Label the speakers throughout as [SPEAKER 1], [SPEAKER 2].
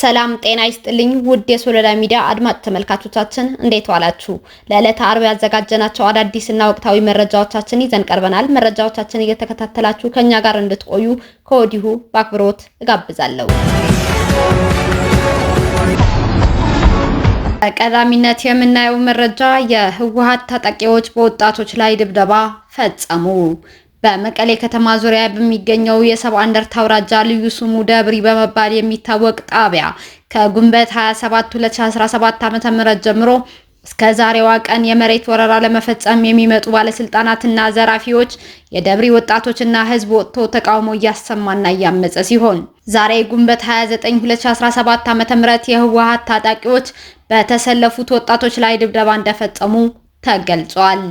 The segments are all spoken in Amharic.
[SPEAKER 1] ሰላም ጤና ይስጥልኝ ውድ የሶለዳ ሚዲያ አድማጭ ተመልካቾቻችን እንዴት ዋላችሁ? ለዕለተ አርብ ያዘጋጀናቸው አዳዲስና ወቅታዊ መረጃዎቻችን ይዘን ቀርበናል። መረጃዎቻችን እየተከታተላችሁ ከእኛ ጋር እንድትቆዩ ከወዲሁ በአክብሮት እጋብዛለሁ። በቀዳሚነት የምናየው መረጃ የህወሓት ታጣቂዎች በወጣቶች ላይ ድብደባ ፈጸሙ። በመቀሌ ከተማ ዙሪያ በሚገኘው የሰብ አንደርት አውራጃ ልዩ ስሙ ደብሪ በመባል የሚታወቅ ጣቢያ ከግንቦት 27 2017 ዓ.ም ጀምሮ እስከ ዛሬዋ ቀን የመሬት ወረራ ለመፈጸም የሚመጡ ባለስልጣናትና ዘራፊዎች የደብሪ ወጣቶችና ህዝብ ወጥቶ ተቃውሞ እያሰማና እያመጸ ሲሆን ዛሬ ግንቦት 29 2017 ዓ.ም የህወሀት ታጣቂዎች በተሰለፉት ወጣቶች ላይ ድብደባ እንደፈጸሙ ተገልጿል።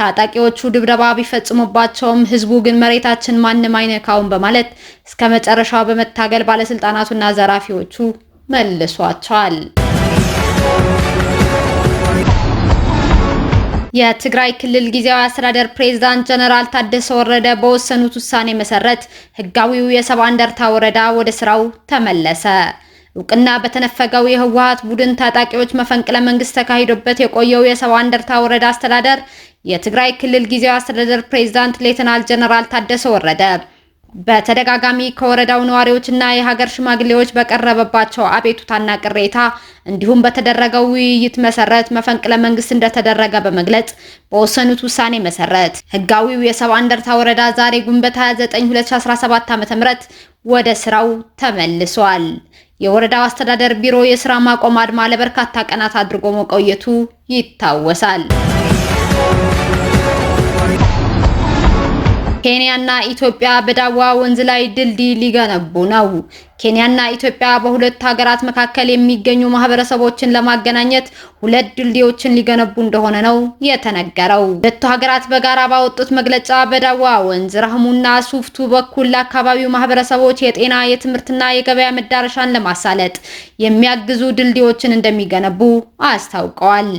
[SPEAKER 1] ታጣቂዎቹ ድብደባ ቢፈጽሙባቸውም ህዝቡ ግን መሬታችን ማንም አይነካውም በማለት እስከ መጨረሻው በመታገል ባለስልጣናቱና ዘራፊዎቹ መልሷቸዋል። የትግራይ ክልል ጊዜያዊ አስተዳደር ፕሬዝዳንት ጀነራል ታደሰ ወረደ በወሰኑት ውሳኔ መሰረት ህጋዊው የሰባ እንደርታ ወረዳ ወደ ስራው ተመለሰ። እውቅና በተነፈገው የህወሀት ቡድን ታጣቂዎች መፈንቅለ መንግስት ተካሂዶበት የቆየው የሰባ እንደርታ ወረዳ አስተዳደር የትግራይ ክልል ጊዜያዊ አስተዳደር ፕሬዝዳንት ሌተናል ጀነራል ታደሰ ወረደ በተደጋጋሚ ከወረዳው ነዋሪዎችና የሀገር ሽማግሌዎች በቀረበባቸው አቤቱታና ቅሬታ እንዲሁም በተደረገው ውይይት መሰረት መፈንቅለ መንግስት እንደተደረገ በመግለጽ በወሰኑት ውሳኔ መሰረት ህጋዊው የሰባ እንደርታ ወረዳ ዛሬ ግንቦት 29 2017 ዓ.ም ወደ ስራው ተመልሷል። የወረዳው አስተዳደር ቢሮ የስራ ማቆም አድማ ለበርካታ ቀናት አድርጎ መቆየቱ ይታወሳል። ኬንያና ኢትዮጵያ በዳዋ ወንዝ ላይ ድልድይ ሊገነቡ ነው። ኬንያና ኢትዮጵያ በሁለት ሀገራት መካከል የሚገኙ ማህበረሰቦችን ለማገናኘት ሁለት ድልድዮችን ሊገነቡ እንደሆነ ነው የተነገረው። ሁለቱ ሀገራት በጋራ ባወጡት መግለጫ በዳዋ ወንዝ ረህሙና ሱፍቱ በኩል ለአካባቢው ማህበረሰቦች የጤና፣ የትምህርትና የገበያ መዳረሻን ለማሳለጥ የሚያግዙ ድልድዮችን እንደሚገነቡ አስታውቀዋል።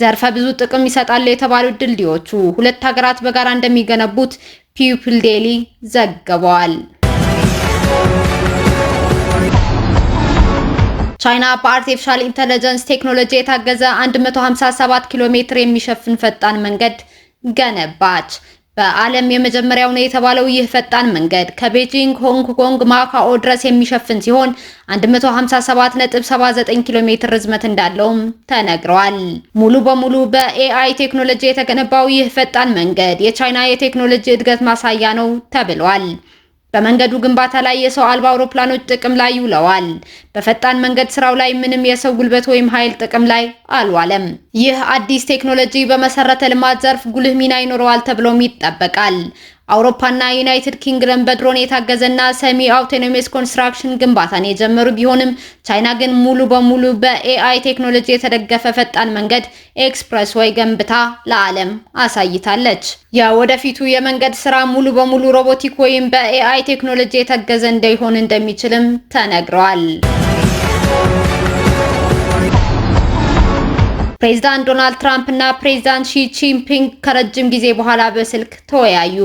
[SPEAKER 1] ዘርፈ ብዙ ጥቅም ይሰጣሉ የተባሉት ድልድዮቹ ሁለት ሀገራት በጋራ እንደሚገነቡት ፒፕል ዴሊ ዘግበዋል። ቻይና በአርቲፊሻል ኢንተለጀንስ ቴክኖሎጂ የታገዘ 157 ኪሎ ሜትር የሚሸፍን ፈጣን መንገድ ገነባች። በዓለም የመጀመሪያው ነው የተባለው ይህ ፈጣን መንገድ ከቤጂንግ ሆንግ ኮንግ ማካኦ ድረስ የሚሸፍን ሲሆን 157.79 ኪሎ ሜትር ርዝመት እንዳለውም ተነግሯል። ሙሉ በሙሉ በኤአይ ቴክኖሎጂ የተገነባው ይህ ፈጣን መንገድ የቻይና የቴክኖሎጂ እድገት ማሳያ ነው ተብሏል። በመንገዱ ግንባታ ላይ የሰው አልባ አውሮፕላኖች ጥቅም ላይ ይውለዋል። በፈጣን መንገድ ስራው ላይ ምንም የሰው ጉልበት ወይም ኃይል ጥቅም ላይ አልዋለም። ይህ አዲስ ቴክኖሎጂ በመሰረተ ልማት ዘርፍ ጉልህ ሚና ይኖረዋል ተብሎም ይጠበቃል። አውሮፓና ዩናይትድ ኪንግደም በድሮን የታገዘና ሰሚ አውቶኖሚስ ኮንስትራክሽን ግንባታን የጀመሩ ቢሆንም ቻይና ግን ሙሉ በሙሉ በኤአይ ቴክኖሎጂ የተደገፈ ፈጣን መንገድ ኤክስፕረስ ወይ ገንብታ ለዓለም አሳይታለች። የወደፊቱ የመንገድ ስራ ሙሉ በሙሉ ሮቦቲክ ወይም በኤአይ ቴክኖሎጂ የታገዘ እንዳይሆን እንደሚችልም ተነግረዋል። ፕሬዚዳንት ዶናልድ ትራምፕ እና ፕሬዚዳንት ሺ ጂንፒንግ ከረጅም ጊዜ በኋላ በስልክ ተወያዩ።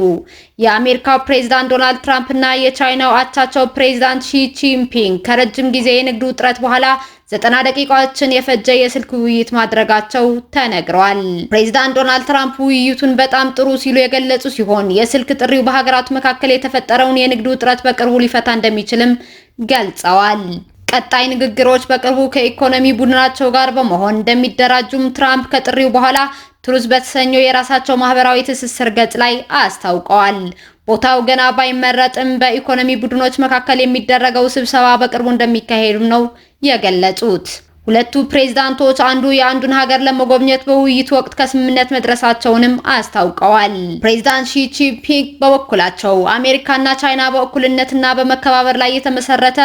[SPEAKER 1] የአሜሪካው ፕሬዚዳንት ዶናልድ ትራምፕ እና የቻይናው አቻቸው ፕሬዚዳንት ሺ ጂንፒንግ ከረጅም ጊዜ የንግድ ውጥረት በኋላ ዘጠና ደቂቃዎችን የፈጀ የስልክ ውይይት ማድረጋቸው ተነግረዋል። ፕሬዚዳንት ዶናልድ ትራምፕ ውይይቱን በጣም ጥሩ ሲሉ የገለጹ ሲሆን የስልክ ጥሪው በሀገራቱ መካከል የተፈጠረውን የንግድ ውጥረት በቅርቡ ሊፈታ እንደሚችልም ገልጸዋል። ቀጣይ ንግግሮች በቅርቡ ከኢኮኖሚ ቡድናቸው ጋር በመሆን እንደሚደራጁም ትራምፕ ከጥሪው በኋላ ትሩዝ በተሰኘው የራሳቸው ማህበራዊ ትስስር ገጽ ላይ አስታውቀዋል። ቦታው ገና ባይመረጥም በኢኮኖሚ ቡድኖች መካከል የሚደረገው ስብሰባ በቅርቡ እንደሚካሄድም ነው የገለጹት። ሁለቱ ፕሬዝዳንቶች አንዱ የአንዱን ሀገር ለመጎብኘት በውይይት ወቅት ከስምምነት መድረሳቸውንም አስታውቀዋል። ፕሬዝዳንት ሺ ጂንፒንግ በበኩላቸው አሜሪካና ቻይና በእኩልነትና በመከባበር ላይ የተመሰረተ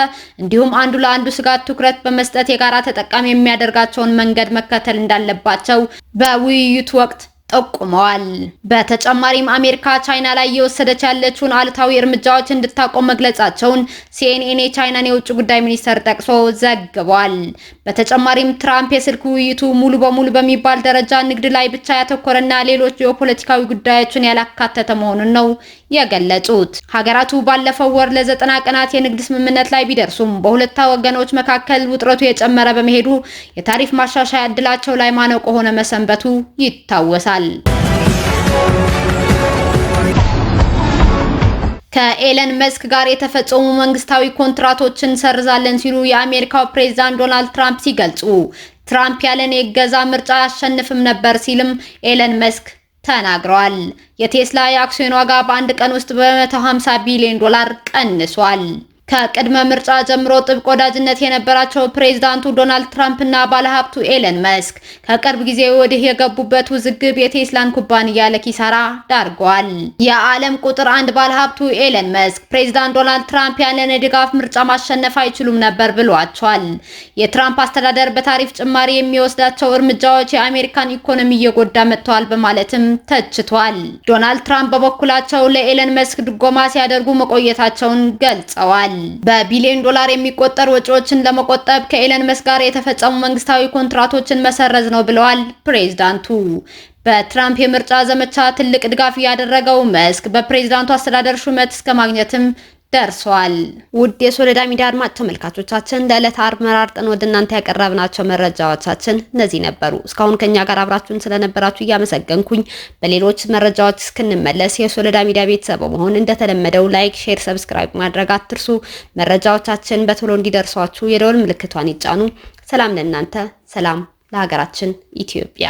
[SPEAKER 1] እንዲሁም አንዱ ለአንዱ ስጋት ትኩረት በመስጠት የጋራ ተጠቃሚ የሚያደርጋቸውን መንገድ መከተል እንዳለባቸው በውይይቱ ወቅት ጠቁመዋል። በተጨማሪም አሜሪካ ቻይና ላይ እየወሰደች ያለችውን አሉታዊ እርምጃዎች እንድታቆም መግለጻቸውን ሲኤንኤን የቻይናን የውጭ ጉዳይ ሚኒስተር ጠቅሶ ዘግቧል። በተጨማሪም ትራምፕ የስልክ ውይይቱ ሙሉ በሙሉ በሚባል ደረጃ ንግድ ላይ ብቻ ያተኮረና ሌሎች የፖለቲካዊ ጉዳዮችን ያላካተተ መሆኑን ነው የገለጹት። ሀገራቱ ባለፈው ወር ለዘጠና ቀናት የንግድ ስምምነት ላይ ቢደርሱም በሁለት ወገኖች መካከል ውጥረቱ የጨመረ በመሄዱ የታሪፍ ማሻሻያ እድላቸው ላይ ማነቆ ሆነ መሰንበቱ ይታወሳል። ከኤለን መስክ ጋር የተፈጸሙ መንግስታዊ ኮንትራቶችን ሰርዛለን ሲሉ የአሜሪካው ፕሬዝዳንት ዶናልድ ትራምፕ ሲገልጹ ትራምፕ ያለን የገዛ ምርጫ አያሸንፍም ነበር ሲልም ኤለን መስክ ተናግረዋል። የቴስላ የአክሲዮን ዋጋ በአንድ ቀን ውስጥ በ150 ቢሊዮን ዶላር ቀንሷል። ከቅድመ ምርጫ ጀምሮ ጥብቅ ወዳጅነት የነበራቸው ፕሬዝዳንቱ ዶናልድ ትራምፕ እና ባለሀብቱ ኤለን መስክ ከቅርብ ጊዜ ወዲህ የገቡበት ውዝግብ የቴስላን ኩባንያ ለኪሳራ ዳርጓል። የዓለም ቁጥር አንድ ባለሀብቱ ኤለን መስክ ፕሬዝዳንት ዶናልድ ትራምፕ ያለን ድጋፍ ምርጫ ማሸነፍ አይችሉም ነበር ብሏቸዋል። የትራምፕ አስተዳደር በታሪፍ ጭማሪ የሚወስዳቸው እርምጃዎች የአሜሪካን ኢኮኖሚ እየጎዳ መጥተዋል በማለትም ተችቷል። ዶናልድ ትራምፕ በበኩላቸው ለኤለን መስክ ድጎማ ሲያደርጉ መቆየታቸውን ገልጸዋል። ተናግረዋል። በቢሊዮን ዶላር የሚቆጠር ወጪዎችን ለመቆጠብ ከኤለን መስክ ጋር የተፈጸሙ መንግስታዊ ኮንትራቶችን መሰረዝ ነው ብለዋል ፕሬዝዳንቱ። በትራምፕ የምርጫ ዘመቻ ትልቅ ድጋፍ ያደረገው መስክ በፕሬዝዳንቱ አስተዳደር ሹመት እስከ ማግኘትም ደርሷል። ውድ የሶለዳ ሚዲያ አድማጭ ተመልካቾቻችን ለዕለት አርብ መራርጠን ወደ እናንተ ያቀረብናቸው መረጃዎቻችን እነዚህ ነበሩ። እስካሁን ከኛ ጋር አብራችሁን ስለነበራችሁ እያመሰገንኩኝ በሌሎች መረጃዎች እስክንመለስ የሶለዳ ሚዲያ ቤተሰብ መሆን እንደተለመደው ላይክ፣ ሼር፣ ሰብስክራይብ ማድረግ አትርሱ። መረጃዎቻችን በቶሎ እንዲደርሷችሁ የደወል ምልክቷን ይጫኑ። ሰላም ለእናንተ፣ ሰላም ለሀገራችን ኢትዮጵያ።